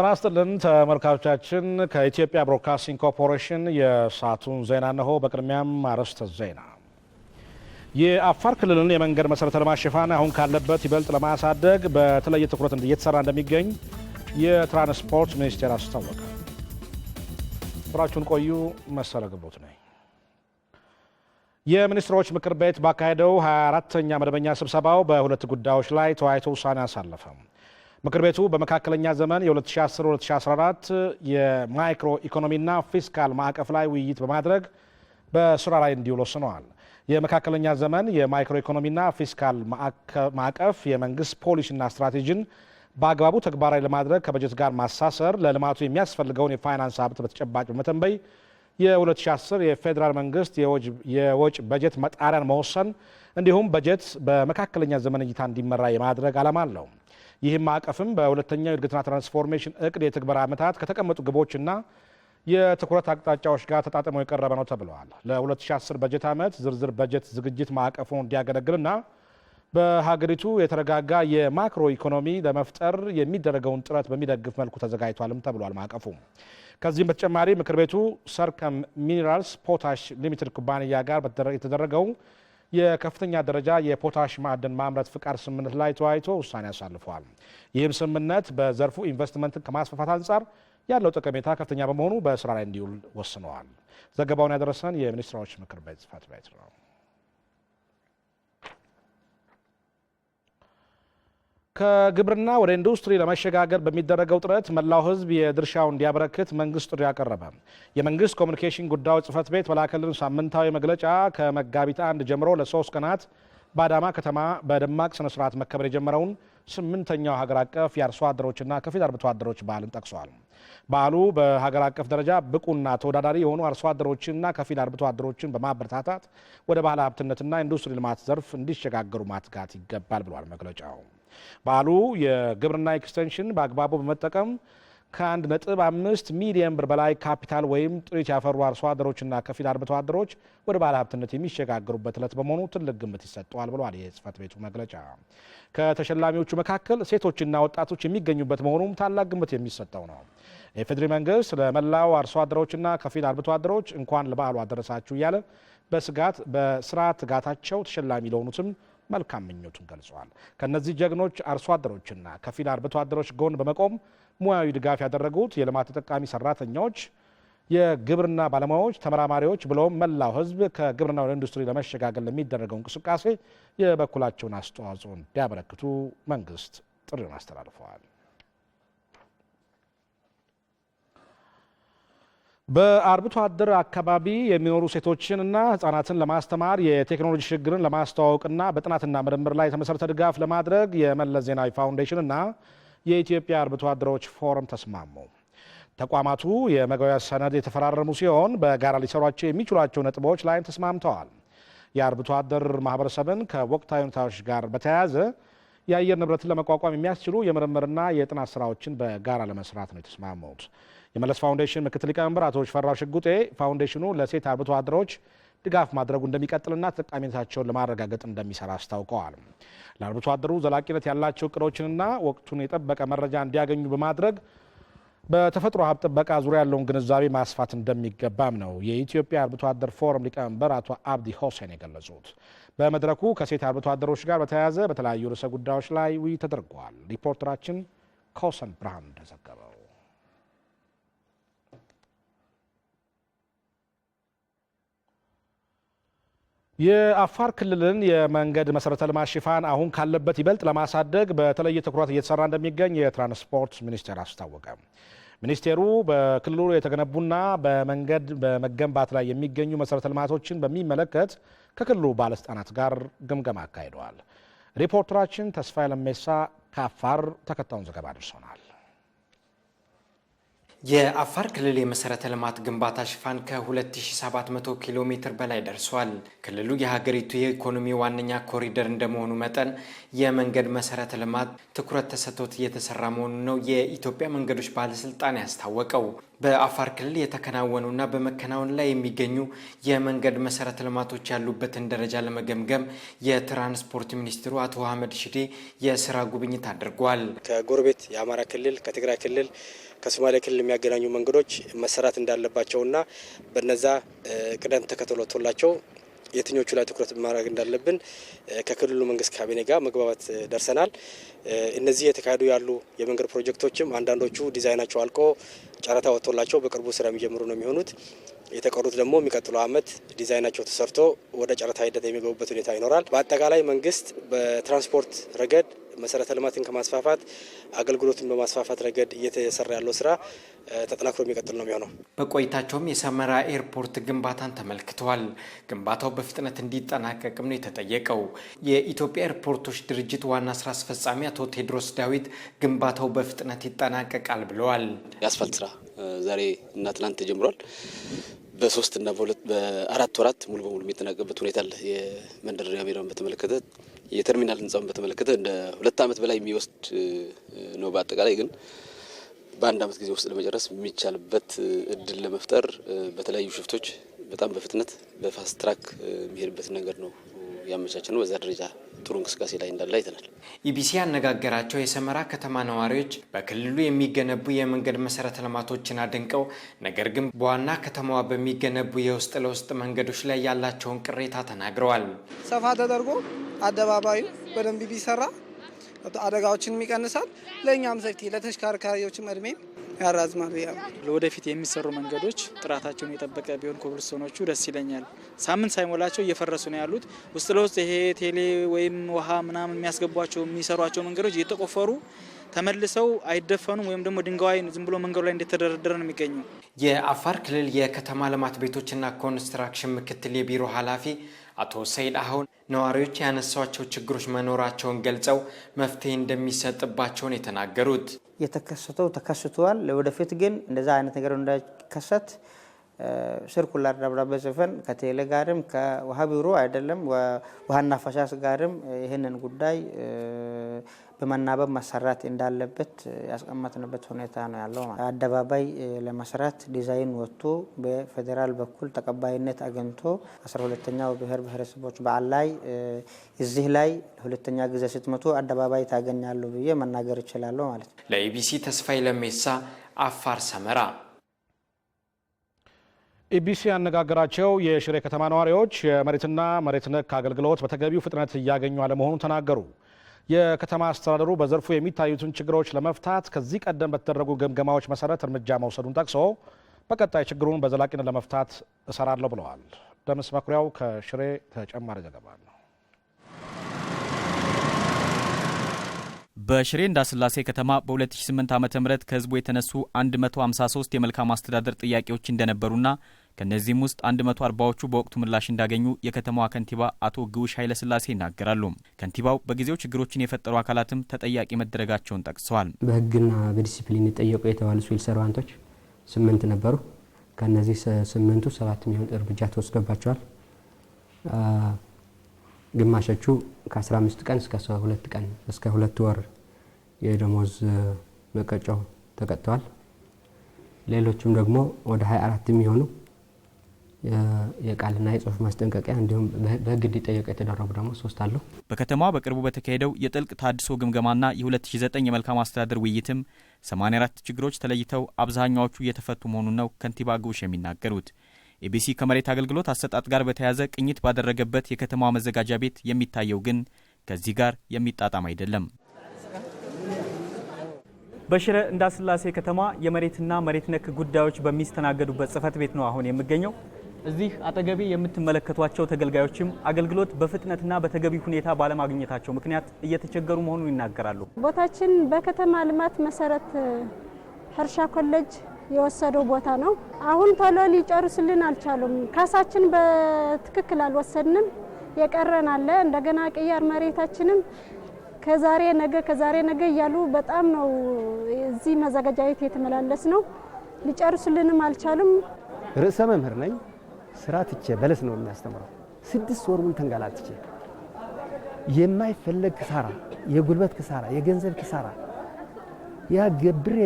ጤና ይስጥልን ተመልካቾቻችን፣ ከኢትዮጵያ ብሮድካስቲንግ ኮርፖሬሽን የሰዓቱን ዜና እነሆ። በቅድሚያም አርዕስተ ዜና። የአፋር ክልልን የመንገድ መሰረተ ልማት ሽፋን አሁን ካለበት ይበልጥ ለማሳደግ በተለየ ትኩረት እየተሰራ እንደሚገኝ የትራንስፖርት ሚኒስቴር አስታወቀ። ስራችሁን ቆዩ። መሰለ ግቦት ነኝ። የሚኒስትሮች ምክር ቤት ባካሄደው 24ተኛ መደበኛ ስብሰባው በሁለት ጉዳዮች ላይ ተወያይቶ ውሳኔ አሳለፈም። ምክር ቤቱ በመካከለኛ ዘመን የ2010-2014 የማይክሮ ኢኮኖሚና ፊስካል ማዕቀፍ ላይ ውይይት በማድረግ በስራ ላይ እንዲውል ወስነዋል። የመካከለኛ ዘመን የማይክሮ ኢኮኖሚና ፊስካል ማዕቀፍ የመንግስት ፖሊሲና ስትራቴጂን በአግባቡ ተግባራዊ ለማድረግ ከበጀት ጋር ማሳሰር፣ ለልማቱ የሚያስፈልገውን የፋይናንስ ሀብት በተጨባጭ በመተንበይ የ2010 የፌዴራል መንግስት የወጭ በጀት መጣሪያን መወሰን እንዲሁም በጀት በመካከለኛ ዘመን እይታ እንዲመራ የማድረግ ዓላማ አለው። ይህም ማዕቀፍም በሁለተኛው የእድገትና ትራንስፎርሜሽን እቅድ የትግበራ ዓመታት ከተቀመጡ ግቦችና የትኩረት አቅጣጫዎች ጋር ተጣጥሞ የቀረበ ነው ተብለዋል። ለ2010 በጀት ዓመት ዝርዝር በጀት ዝግጅት ማዕቀፉ እንዲያገለግልና በሀገሪቱ የተረጋጋ የማክሮ ኢኮኖሚ ለመፍጠር የሚደረገውን ጥረት በሚደግፍ መልኩ ተዘጋጅቷልም ተብሏል። ማዕቀፉ ከዚህም በተጨማሪ ምክር ቤቱ ሰርከም ሚኒራልስ ፖታሽ ሊሚትድ ኩባንያ ጋር የተደረገው የከፍተኛ ደረጃ የፖታሽ ማዕድን ማምረት ፍቃድ ስምምነት ላይ ተወያይቶ ውሳኔ አሳልፏል። ይህም ስምምነት በዘርፉ ኢንቨስትመንትን ከማስፋፋት አንጻር ያለው ጠቀሜታ ከፍተኛ በመሆኑ በስራ ላይ እንዲውል ወስነዋል። ዘገባውን ያደረሰን የሚኒስትሮች ምክር ቤት ጽህፈት ቤት ነው። ከግብርና ወደ ኢንዱስትሪ ለመሸጋገር በሚደረገው ጥረት መላው ሕዝብ የድርሻው እንዲያበረክት መንግስት ጥሪ አቀረበ። የመንግስት ኮሚኒኬሽን ጉዳዮች ጽህፈት ቤት በላከልን ሳምንታዊ መግለጫ ከመጋቢት አንድ ጀምሮ ለሶስት ቀናት በአዳማ ከተማ በደማቅ ስነስርዓት መከበር የጀመረውን ስምንተኛው ሀገር አቀፍ የአርሶ አደሮችና ከፊል አርብቶ አደሮች በዓልን ጠቅሷል። በዓሉ በሀገር አቀፍ ደረጃ ብቁና ተወዳዳሪ የሆኑ አርሶ አደሮችንና ከፊል አርብቶ አደሮችን በማበረታታት ወደ ባህል ሀብትነትና ኢንዱስትሪ ልማት ዘርፍ እንዲሸጋገሩ ማትጋት ይገባል ብሏል መግለጫው። በዓሉ የግብርና ኤክስቴንሽን በአግባቡ በመጠቀም ከአንድ ነጥብ አምስት ሚሊየን ብር በላይ ካፒታል ወይም ጥሪት ያፈሩ አርሶ አደሮችና ከፊል አርብቶ አደሮች ወደ ባለ ሀብትነት የሚሸጋገሩበት ዕለት በመሆኑ ትልቅ ግምት ይሰጠዋል ብሏል የጽህፈት ቤቱ መግለጫ። ከተሸላሚዎቹ መካከል ሴቶችና ወጣቶች የሚገኙበት መሆኑም ታላቅ ግምት የሚሰጠው ነው። የፌዴሪ መንግስት ለመላው አርሶ አደሮችና ከፊል አርብቶ አደሮች እንኳን ለበዓሉ አደረሳችሁ እያለ በስጋት በስራ ትጋታቸው ተሸላሚ ለሆኑትም መልካም ምኞቱን ገልጸዋል። ከእነዚህ ጀግኖች አርሶ አደሮችና ከፊል አርብቶ አደሮች ጎን በመቆም ሙያዊ ድጋፍ ያደረጉት የልማት ተጠቃሚ ሰራተኞች፣ የግብርና ባለሙያዎች፣ ተመራማሪዎች ብሎም መላው ሕዝብ ከግብርና ወደ ኢንዱስትሪ ለመሸጋገል ለሚደረገው እንቅስቃሴ የበኩላቸውን አስተዋጽኦ እንዲያበረክቱ መንግስት ጥሪውን አስተላልፈዋል። በአርብቶ አደር አካባቢ የሚኖሩ ሴቶችንና ህጻናትን ለማስተማር የቴክኖሎጂ ሽግግርን ለማስተዋወቅና በጥናትና ምርምር ላይ የተመሰረተ ድጋፍ ለማድረግ የመለስ ዜናዊ ፋውንዴሽን የኢትዮጵያ አርብቶ አደሮች ፎረም ተስማሙ። ተቋማቱ የመግባቢያ ሰነድ የተፈራረሙ ሲሆን በጋራ ሊሰሯቸው የሚችሏቸው ነጥቦች ላይም ተስማምተዋል። የአርብቶ አደር ማህበረሰብን ከወቅታዊ ሁኔታዎች ጋር በተያያዘ የአየር ንብረትን ለመቋቋም የሚያስችሉ የምርምርና የጥናት ስራዎችን በጋራ ለመስራት ነው የተስማሙት። የመለስ ፋውንዴሽን ምክትል ሊቀመንበር አቶ ሽፈራው ሽጉጤ ፋውንዴሽኑ ለሴት አርብቶ አደሮች ድጋፍ ማድረጉ እንደሚቀጥልና ተጠቃሚነታቸውን ለማረጋገጥ እንደሚሰራ አስታውቀዋል። ለአርብቶ አደሩ ዘላቂነት ያላቸው እቅዶችንና ወቅቱን የጠበቀ መረጃ እንዲያገኙ በማድረግ በተፈጥሮ ሀብት ጥበቃ ዙሪያ ያለውን ግንዛቤ ማስፋት እንደሚገባም ነው የኢትዮጵያ አርብቶ አደር ፎረም ሊቀመንበር አቶ አብዲ ሆሴን የገለጹት። በመድረኩ ከሴት አርብቶ አደሮች ጋር በተያያዘ በተለያዩ ርዕሰ ጉዳዮች ላይ ውይይት ተደርጓል። ሪፖርተራችን ኮሰን ብርሃን እንደዘገበው የአፋር ክልልን የመንገድ መሰረተ ልማት ሽፋን አሁን ካለበት ይበልጥ ለማሳደግ በተለየ ትኩረት እየተሰራ እንደሚገኝ የትራንስፖርት ሚኒስቴር አስታወቀ። ሚኒስቴሩ በክልሉ የተገነቡና በመንገድ በመገንባት ላይ የሚገኙ መሰረተ ልማቶችን በሚመለከት ከክልሉ ባለስልጣናት ጋር ግምገማ አካሂደዋል። ሪፖርተራችን ተስፋዬ ለሜሳ ከአፋር ተከታዩን ዘገባ አድርሶናል። የአፋር ክልል የመሰረተ ልማት ግንባታ ሽፋን ከ2700 ኪሎ ሜትር በላይ ደርሷል። ክልሉ የሀገሪቱ የኢኮኖሚ ዋነኛ ኮሪደር እንደመሆኑ መጠን የመንገድ መሰረተ ልማት ትኩረት ተሰጥቶት እየተሰራ መሆኑን ነው የኢትዮጵያ መንገዶች ባለስልጣን ያስታወቀው። በአፋር ክልል የተከናወኑና በመከናወን ላይ የሚገኙ የመንገድ መሰረተ ልማቶች ያሉበትን ደረጃ ለመገምገም የትራንስፖርት ሚኒስትሩ አቶ አህመድ ሽዴ የስራ ጉብኝት አድርጓል። ከጎረቤት የአማራ ክልል፣ ከትግራይ ክልል፣ ከሶማሌ ክልል የሚያገናኙ መንገዶች መሰራት እንዳለባቸውና በነዛ ቅደም ተከተሎቶላቸው የትኞቹ ላይ ትኩረት ማድረግ እንዳለብን ከክልሉ መንግስት ካቢኔ ጋር መግባባት ደርሰናል። እነዚህ የተካሄዱ ያሉ የመንገድ ፕሮጀክቶችም አንዳንዶቹ ዲዛይናቸው አልቆ ጨረታ ወጥቶላቸው በቅርቡ ስራ የሚጀምሩ ነው የሚሆኑት። የተቀሩት ደግሞ የሚቀጥለው ዓመት ዲዛይናቸው ተሰርቶ ወደ ጨረታ ሂደት የሚገቡበት ሁኔታ ይኖራል። በአጠቃላይ መንግስት በትራንስፖርት ረገድ መሰረተ ልማትን ከማስፋፋት አገልግሎትን በማስፋፋት ረገድ እየተሰራ ያለው ስራ ተጠናክሮ የሚቀጥል ነው የሚሆነው። በቆይታቸውም የሰመራ ኤርፖርት ግንባታን ተመልክተዋል። ግንባታው በፍጥነት እንዲጠናቀቅም ነው የተጠየቀው። የኢትዮጵያ ኤርፖርቶች ድርጅት ዋና ስራ አስፈጻሚ አቶ ቴድሮስ ዳዊት ግንባታው በፍጥነት ይጠናቀቃል ብለዋል። የአስፋልት ስራ ዛሬ እና ትናንት ተጀምሯል። በሶስት በሁለት በአራት ወራት ሙሉ በሙሉ የሚጠናቀቅበት ሁኔታ አለ። የመንደርደሪያ ሜዳውን በተመለከተ የተርሚናል ህንፃውን በተመለከተ እንደ ሁለት ዓመት በላይ የሚወስድ ነው። በአጠቃላይ ግን በአንድ ዓመት ጊዜ ውስጥ ለመጨረስ የሚቻልበት እድል ለመፍጠር በተለያዩ ሽፍቶች በጣም በፍጥነት በፋስት ትራክ የሚሄድበት ነገር ነው ያመቻች ነው። በዛ ደረጃ ጥሩ እንቅስቃሴ ላይ እንዳለ አይተናል። ኢቢሲ ያነጋገራቸው የሰመራ ከተማ ነዋሪዎች በክልሉ የሚገነቡ የመንገድ መሰረተ ልማቶችን አድንቀው ነገር ግን በዋና ከተማዋ በሚገነቡ የውስጥ ለውስጥ መንገዶች ላይ ያላቸውን ቅሬታ ተናግረዋል። ሰፋ ተደርጎ አደባባዩ በደንብ ቢሰራ አደጋዎችን ይቀንሳል። ለእኛም ሰፊ ለተሽከርካሪዎችም እድሜም ያራዝማል። ለወደፊት የሚሰሩ መንገዶች ጥራታቸውን የጠበቀ ቢሆን ኮብልስቶኖቹ ደስ ይለኛል። ሳምንት ሳይሞላቸው እየፈረሱ ነው ያሉት። ውስጥ ለውስጥ ይሄ ቴሌ ወይም ውሃ ምናምን የሚያስገቧቸው የሚሰሯቸው መንገዶች እየተቆፈሩ ተመልሰው አይደፈኑም ወይም ደግሞ ድንጋይ ዝም ብሎ መንገዱ ላይ እንደተደረደረ ነው የሚገኙ። የአፋር ክልል የከተማ ልማት ቤቶችና ኮንስትራክሽን ምክትል የቢሮ ኃላፊ አቶ ሰይድ አሁን ነዋሪዎች ያነሷቸው ችግሮች መኖራቸውን ገልጸው መፍትሄ እንደሚሰጥባቸውን የተናገሩት የተከሰተው ተከስተዋል። ወደፊት ግን እንደዛ አይነት ነገር እንዳይከሰት ስርኩላር ደብዳቤ ጽፈን ከቴሌ ጋርም ከውሃ ቢሮ አይደለም ውሃና ፈሳሽ ጋርም ይህንን ጉዳይ በመናበብ መሰራት እንዳለበት ያስቀመጥንበት ሁኔታ ነው ያለው። አደባባይ ለመስራት ዲዛይን ወጥቶ በፌዴራል በኩል ተቀባይነት አግኝቶ አስራ ሁለተኛው ብሔር ብሔረሰቦች በዓል ላይ እዚህ ላይ ሁለተኛ ጊዜ ስትመጡ አደባባይ ታገኛሉ ብዬ መናገር ይችላለሁ ማለት ነው። ለኢቢሲ ተስፋይ ለሜሳ አፋር ሰመራ። ኢቢሲ ያነጋገራቸው የሽሬ ከተማ ነዋሪዎች የመሬትና መሬት ነክ አገልግሎት በተገቢው ፍጥነት እያገኙ አለመሆኑን ተናገሩ። የከተማ አስተዳደሩ በዘርፉ የሚታዩትን ችግሮች ለመፍታት ከዚህ ቀደም በተደረጉ ግምገማዎች መሰረት እርምጃ መውሰዱን ጠቅሶ በቀጣይ ችግሩን በዘላቂነት ለመፍታት እሰራለሁ ብለዋል። ደምስ መኩሪያው ከሽሬ ተጨማሪ ዘገባ ነው። በሽሬ እንዳስላሴ ከተማ በ2008 ዓ ም ከህዝቡ የተነሱ 153 የመልካም አስተዳደር ጥያቄዎች እንደነበሩና ከእነዚህም ውስጥ 140ዎቹ በወቅቱ ምላሽ እንዳገኙ የከተማዋ ከንቲባ አቶ ግውሽ ኃይለስላሴ ይናገራሉ። ከንቲባው በጊዜው ችግሮችን የፈጠሩ አካላትም ተጠያቂ መደረጋቸውን ጠቅሰዋል። በህግና በዲሲፕሊን የጠየቁ የተባሉ ሲቪል ሰርቫንቶች ስምንት ነበሩ። ከእነዚህ ስምንቱ ሰባት የሚሆን እርምጃ ተወስዶባቸዋል። ግማሾቹ ከ15 ቀን እስከ 2 ቀን እስከ ሁለት ወር የደሞዝ መቀጫው ተቀጥተዋል። ሌሎችም ደግሞ ወደ 24 የሚሆኑ የቃልና የጽሁፍ ማስጠንቀቂያ እንዲሁም በህግ እንዲጠየቁ የተደረጉ ደግሞ ሶስት አሉ። በከተማዋ በቅርቡ በተካሄደው የጥልቅ ታድሶ ግምገማና የ2009 የመልካም አስተዳደር ውይይትም 84 ችግሮች ተለይተው አብዛኛዎቹ እየተፈቱ መሆኑን ነው ከንቲባ ግቡሽ የሚናገሩት። ኤቢሲ ከመሬት አገልግሎት አሰጣጥ ጋር በተያያዘ ቅኝት ባደረገበት የከተማዋ መዘጋጃ ቤት የሚታየው ግን ከዚህ ጋር የሚጣጣም አይደለም። በሽረ እንዳስላሴ ከተማ የመሬትና መሬት ነክ ጉዳዮች በሚስተናገዱበት ጽህፈት ቤት ነው አሁን የምገኘው። እዚህ አጠገቤ የምትመለከቷቸው ተገልጋዮችም አገልግሎት በፍጥነትና በተገቢ ሁኔታ ባለማግኘታቸው ምክንያት እየተቸገሩ መሆኑን ይናገራሉ። ቦታችን በከተማ ልማት መሰረት ሕርሻ ኮሌጅ የወሰደው ቦታ ነው። አሁን ቶሎ ሊጨርስልን አልቻሉም። ካሳችን በትክክል አልወሰድንም፣ የቀረን አለ። እንደገና ቅያር መሬታችንም ከዛሬ ነገ ከዛሬ ነገ እያሉ በጣም ነው እዚህ መዘጋጃ ቤት የተመላለስ ነው። ሊጨርሱልንም አልቻሉም። ርዕሰ መምህር ነኝ። ስራ ትቼ በለስ ነው የሚያስተምረው። ስድስት ወር ሙሉ ተንገላትቼ የማይፈለግ ክሳራ፣ የጉልበት ክሳራ፣ የገንዘብ ክሳራ ያ ገብሬ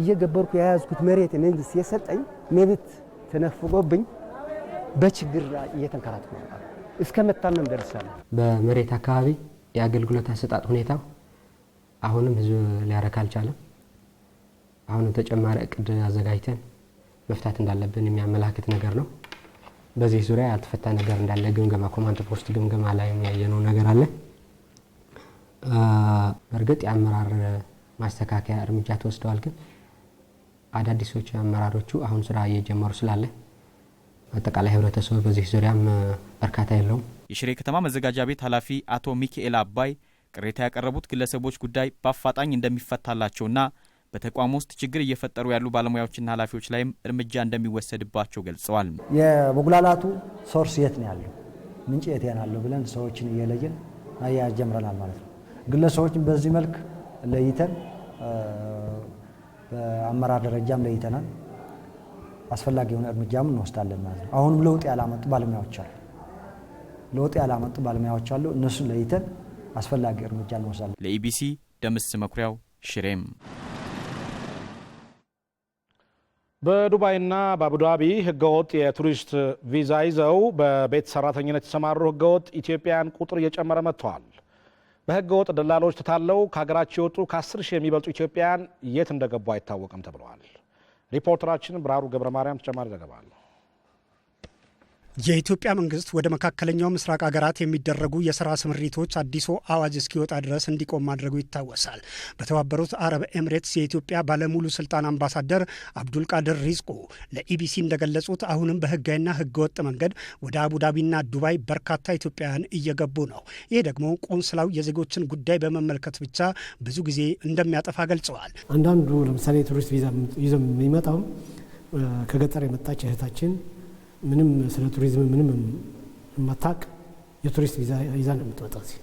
እየገበርኩ የያዝኩት መሬት መንግስት የሰጠኝ መብት ተነፍጎብኝ በችግር እየተንከራተትኩ እስከ መታመም ደርሻለሁ። በመሬት አካባቢ የአገልግሎት አሰጣጥ ሁኔታው አሁንም ህዝብ ሊያረካ አልቻለም። አሁንም ተጨማሪ እቅድ አዘጋጅተን መፍታት እንዳለብን የሚያመላክት ነገር ነው። በዚህ ዙሪያ ያልተፈታ ነገር እንዳለ ግምገማ ኮማንድ ፖስት ግምገማ ላይ የሚያየነው ነገር አለ። በእርግጥ የአመራር ማስተካከያ እርምጃ ተወስደዋል። ግን አዳዲሶቹ አመራሮቹ አሁን ስራ እየጀመሩ ስላለ አጠቃላይ ህብረተሰቡ በዚህ ዙሪያም በርካታ የለውም። የሽሬ ከተማ መዘጋጃ ቤት ኃላፊ አቶ ሚካኤል አባይ ቅሬታ ያቀረቡት ግለሰቦች ጉዳይ በአፋጣኝ እንደሚፈታላቸውና በተቋም ውስጥ ችግር እየፈጠሩ ያሉ ባለሙያዎችና ኃላፊዎች ላይም እርምጃ እንደሚወሰድባቸው ገልጸዋል። የመጉላላቱ ሶርስ የት ነው ያለው ምንጭ የት ያለው ብለን ሰዎችን እየለየን አያያዝ ጀምረናል ማለት ነው። ግለሰቦችን በዚህ መልክ ለይተን በአመራር ደረጃም ለይተናል። አስፈላጊ የሆነ እርምጃም እንወስዳለን ማለት ነው። አሁንም ለውጥ ያላመጡ ባለሙያዎች አሉ። ለውጥ ያላመጡ ባለሙያዎች አሉ። እነሱን ለይተን አስፈላጊ እርምጃ እንወስዳለን። ለኢቢሲ ደምስ መኩሪያው ሽሬም በዱባይና በአቡዳቢ ህገወጥ የቱሪስት ቪዛ ይዘው በቤት ሰራተኝነት የተሰማሩ ህገወጥ ኢትዮጵያውያን ቁጥር እየጨመረ መጥተዋል። በህገወጥ ደላሎች ተታለው ከሀገራቸው የወጡ ከ10 ሺህ የሚበልጡ ኢትዮጵያውያን የት እንደገቡ አይታወቅም ተብለዋል። ሪፖርተራችን ብራሩ ገብረ ማርያም ተጨማሪ ዘገባ አለው። የኢትዮጵያ መንግስት ወደ መካከለኛው ምስራቅ ሀገራት የሚደረጉ የስራ ስምሪቶች አዲሱ አዋጅ እስኪወጣ ድረስ እንዲቆም ማድረጉ ይታወሳል። በተባበሩት አረብ ኤምሬትስ የኢትዮጵያ ባለሙሉ ስልጣን አምባሳደር አብዱልቃድር ሪዝቁ ለኢቢሲ እንደገለጹት አሁንም በህጋዊና ህገወጥ መንገድ ወደ አቡዳቢና ዱባይ በርካታ ኢትዮጵያውያን እየገቡ ነው። ይህ ደግሞ ቆንስላው የዜጎችን ጉዳይ በመመልከት ብቻ ብዙ ጊዜ እንደሚያጠፋ ገልጸዋል። አንዳንዱ ለምሳሌ ቱሪስት ቪዛ ይዞ የሚመጣው ከገጠር የመጣች እህታችን ምንም ስለ ቱሪዝም ምንም የማታቅ የቱሪስት ቪዛ ይዛ ነው የምትመጣ። እዚህ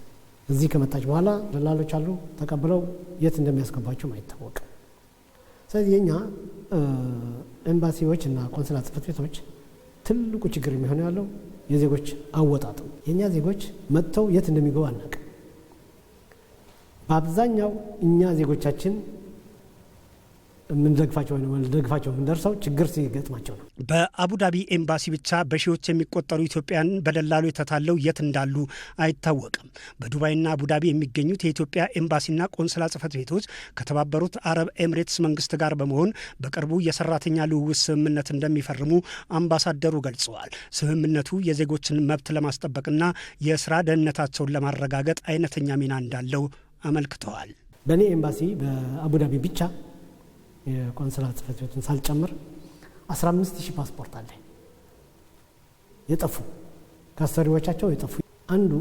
እዚህ ከመጣች በኋላ ደላሎች አሉ ተቀብለው የት እንደሚያስገባቸውም አይታወቅም። ስለዚህ የኛ ኤምባሲዎች እና ቆንስላ ጽሕፈት ቤቶች ትልቁ ችግር የሚሆነው ያለው የዜጎች አወጣጡ። የእኛ ዜጎች መጥተው የት እንደሚገቡ አናውቅም። በአብዛኛው እኛ ዜጎቻችን የምንደግፋቸው ልደግፋቸው የምንደርሰው ችግር ሲገጥማቸው ነው። በአቡዳቢ ኤምባሲ ብቻ በሺዎች የሚቆጠሩ ኢትዮጵያን በደላሉ የተታለው የት እንዳሉ አይታወቅም። በዱባይና አቡዳቢ የሚገኙት የኢትዮጵያ ኤምባሲና ቆንስላ ጽፈት ቤቶች ከተባበሩት አረብ ኤምሬትስ መንግስት ጋር በመሆን በቅርቡ የሰራተኛ ልውውጥ ስምምነት እንደሚፈርሙ አምባሳደሩ ገልጸዋል። ስምምነቱ የዜጎችን መብት ለማስጠበቅና የስራ ደህንነታቸውን ለማረጋገጥ አይነተኛ ሚና እንዳለው አመልክተዋል። በእኔ ኤምባሲ በአቡዳቢ ብቻ የቆንስላ ጽህፈት ቤቱን ሳልጨምር 15000 ፓስፖርት አለ የጠፉ ከአሰሪዎቻቸው የጠፉ። አንዱ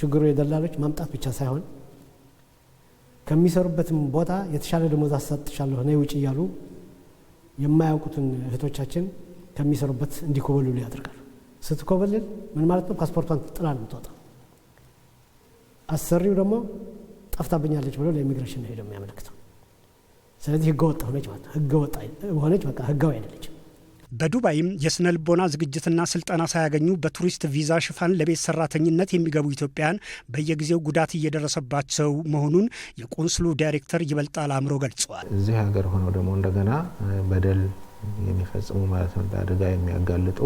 ችግሩ የደላሎች ማምጣት ብቻ ሳይሆን ከሚሰሩበትም ቦታ የተሻለ ደሞዝ አሳጥሻለሁ ነይ ውጭ እያሉ የማያውቁትን እህቶቻችን ከሚሰሩበት እንዲኮበልሉ ያደርጋሉ። ስትኮበልል ምን ማለት ነው? ፓስፖርቷን ጥላ ነው የምትወጣ። አሰሪው ደግሞ ጠፍታብኛለች ብሎ ለኢሚግሬሽን ሄደው የሚያመለክተው ስለዚህ ህገወጥ ሆነች ማለት ህገወጥ ሆነች፣ በቃ ህጋዊ አይደለች። በዱባይም የስነ ልቦና ዝግጅትና ስልጠና ሳያገኙ በቱሪስት ቪዛ ሽፋን ለቤት ሰራተኝነት የሚገቡ ኢትዮጵያውያን በየጊዜው ጉዳት እየደረሰባቸው መሆኑን የቆንስሉ ዳይሬክተር ይበልጣል አእምሮ ገልጸዋል። እዚህ ሀገር ሆነው ደግሞ እንደገና በደል የሚፈጽሙ ማለት ነው፣ ለአደጋ የሚያጋልጡ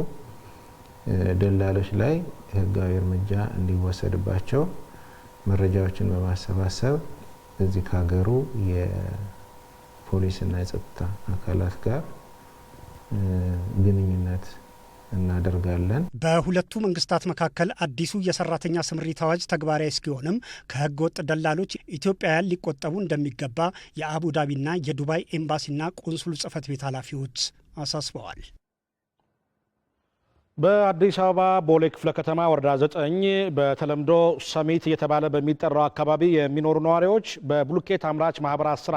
ደላሎች ላይ ህጋዊ እርምጃ እንዲወሰድባቸው መረጃዎችን በማሰባሰብ እዚህ ከሀገሩ ፖሊስና የጸጥታ አካላት ጋር ግንኙነት እናደርጋለን። በሁለቱ መንግስታት መካከል አዲሱ የሰራተኛ ስምሪት አዋጅ ተግባራዊ እስኪሆንም ከህገ ወጥ ደላሎች ኢትዮጵያውያን ሊቆጠቡ እንደሚገባ የአቡዳቢና የዱባይ ኤምባሲና ቆንሱል ጽህፈት ቤት ኃላፊዎች አሳስበዋል። በአዲስ አበባ ቦሌ ክፍለ ከተማ ወረዳ ዘጠኝ በተለምዶ ሰሚት እየተባለ በሚጠራው አካባቢ የሚኖሩ ነዋሪዎች በብሎኬት አምራች ማህበራት ስራ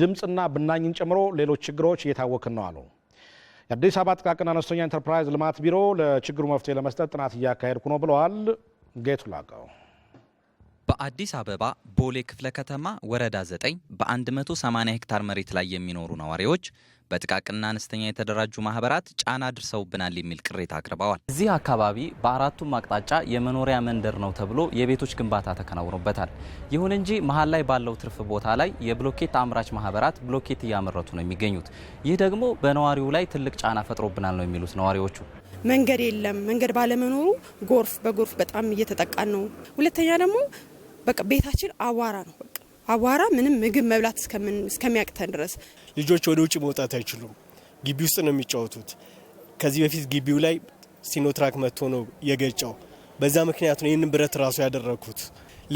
ድምፅና ብናኝን ጨምሮ ሌሎች ችግሮች እየታወክን ነው አሉ። የአዲስ አበባ ጥቃቅንና አነስተኛ ኢንተርፕራይዝ ልማት ቢሮ ለችግሩ መፍትሄ ለመስጠት ጥናት እያካሄድኩ ነው ብለዋል። ጌቱ ላቀው በአዲስ አበባ ቦሌ ክፍለ ከተማ ወረዳ 9 በ180 ሄክታር መሬት ላይ የሚኖሩ ነዋሪዎች በጥቃቅና አነስተኛ የተደራጁ ማህበራት ጫና አድርሰውብናል የሚል ቅሬታ አቅርበዋል። እዚህ አካባቢ በአራቱም አቅጣጫ የመኖሪያ መንደር ነው ተብሎ የቤቶች ግንባታ ተከናውኖበታል። ይሁን እንጂ መሀል ላይ ባለው ትርፍ ቦታ ላይ የብሎኬት አምራች ማህበራት ብሎኬት እያመረቱ ነው የሚገኙት። ይህ ደግሞ በነዋሪው ላይ ትልቅ ጫና ፈጥሮብናል ነው የሚሉት ነዋሪዎቹ። መንገድ የለም። መንገድ ባለመኖሩ ጎርፍ በጎርፍ በጣም እየተጠቃን ነው። ሁለተኛ ደግሞ በቃ ቤታችን አቧራ ነው። አቧራ ምንም ምግብ መብላት እስከሚያቅተን ድረስ ልጆች ወደ ውጭ መውጣት አይችሉም። ግቢ ውስጥ ነው የሚጫወቱት። ከዚህ በፊት ግቢው ላይ ሲኖትራክ መጥቶ ነው የገጫው። በዛ ምክንያት ነው ይህንን ብረት ራሱ ያደረግኩት።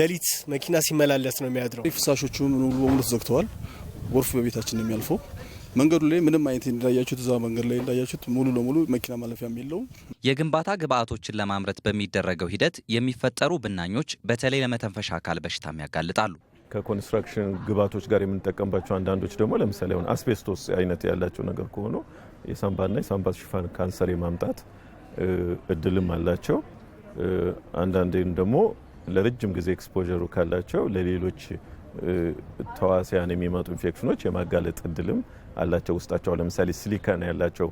ሌሊት መኪና ሲመላለስ ነው የሚያድረው። ፍሳሾቹ ሙሉ በሙሉ ተዘግተዋል። ጎርፍ በቤታችን የሚያልፈው መንገዱ ላይ ምንም አይነት እንዳያችሁት እዛ መንገድ ላይ እንዳያችሁት ሙሉ ለሙሉ መኪና ማለፊያ የለውም። የግንባታ ግብአቶችን ለማምረት በሚደረገው ሂደት የሚፈጠሩ ብናኞች በተለይ ለመተንፈሻ አካል በሽታም ያጋልጣሉ። ከኮንስትራክሽን ግባቶች ጋር የምንጠቀምባቸው አንዳንዶች ደግሞ ለምሳሌ አሁን አስቤስቶስ አይነት ያላቸው ነገር ከሆኑ የሳምባና የሳምባ ሽፋን ካንሰር የማምጣት እድልም አላቸው። አንዳንዴም ደግሞ ለረጅም ጊዜ ኤክስፖጀሩ ካላቸው ለሌሎች ተዋሲያን የሚመጡ ኢንፌክሽኖች የማጋለጥ እድልም አላቸው ውስጣቸው። ለምሳሌ ሲሊካን ያላቸው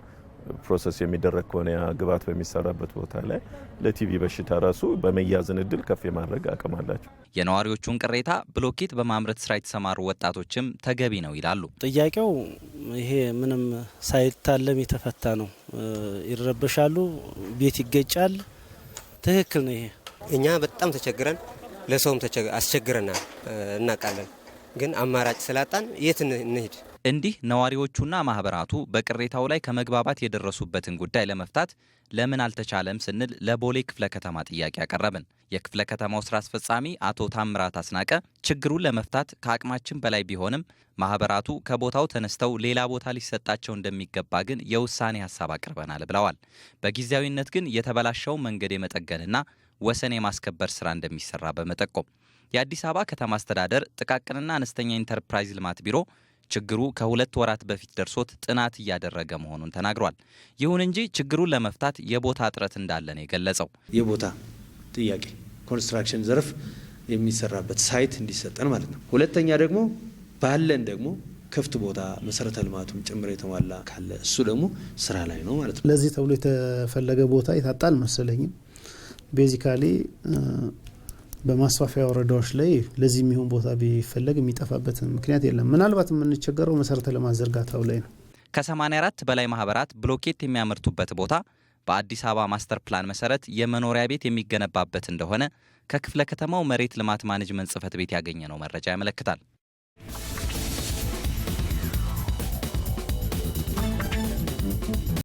ፕሮሰስ የሚደረግ ከሆነ ያ በሚሰራበት ቦታ ላይ ለቲቪ በሽታ ራሱ በመያዝን እድል ከፍ የማድረግ አቅም አላቸው። የነዋሪዎቹን ቅሬታ ብሎኬት በማምረት ስራ የተሰማሩ ወጣቶችም ተገቢ ነው ይላሉ። ጥያቄው ይሄ ምንም ሳይታለም የተፈታ ነው። ይረበሻሉ፣ ቤት ይገጫል። ትክክል ነው። ይሄ እኛ በጣም ተቸግረን ለሰውም አስቸግረናል፣ እናውቃለን። ግን አማራጭ ስላጣን የት እንሄድ? እንዲህ ነዋሪዎቹና ማህበራቱ በቅሬታው ላይ ከመግባባት የደረሱበትን ጉዳይ ለመፍታት ለምን አልተቻለም ስንል ለቦሌ ክፍለ ከተማ ጥያቄ አቀረብን የክፍለ ከተማው ስራ አስፈጻሚ አቶ ታምራት አስናቀ ችግሩን ለመፍታት ከአቅማችን በላይ ቢሆንም ማህበራቱ ከቦታው ተነስተው ሌላ ቦታ ሊሰጣቸው እንደሚገባ ግን የውሳኔ ሀሳብ አቅርበናል ብለዋል። በጊዜያዊነት ግን የተበላሸው መንገድ የመጠገንና ወሰን የማስከበር ስራ እንደሚሰራ በመጠቆም የአዲስ አበባ ከተማ አስተዳደር ጥቃቅንና አነስተኛ ኢንተርፕራይዝ ልማት ቢሮ ችግሩ ከሁለት ወራት በፊት ደርሶት ጥናት እያደረገ መሆኑን ተናግሯል። ይሁን እንጂ ችግሩን ለመፍታት የቦታ እጥረት እንዳለ ነው የገለጸው። የቦታ ጥያቄ ኮንስትራክሽን ዘርፍ የሚሰራበት ሳይት እንዲሰጠን ማለት ነው። ሁለተኛ ደግሞ ባለን ደግሞ ክፍት ቦታ መሰረተ ልማቱም ጭምር የተሟላ ካለ እሱ ደግሞ ስራ ላይ ነው ማለት ነው። ለዚህ ተብሎ የተፈለገ ቦታ የታጣ አልመሰለኝም። ቤዚካሊ በማስፋፊያ ወረዳዎች ላይ ለዚህ የሚሆን ቦታ ቢፈለግ የሚጠፋበትን ምክንያት የለም። ምናልባት የምንቸገረው መሰረተ ልማት ዝርጋታው ላይ ነው። ከ84 በላይ ማህበራት ብሎኬት የሚያመርቱበት ቦታ በአዲስ አበባ ማስተር ፕላን መሰረት የመኖሪያ ቤት የሚገነባበት እንደሆነ ከክፍለ ከተማው መሬት ልማት ማኔጅመንት ጽህፈት ቤት ያገኘ ነው መረጃ ያመለክታል።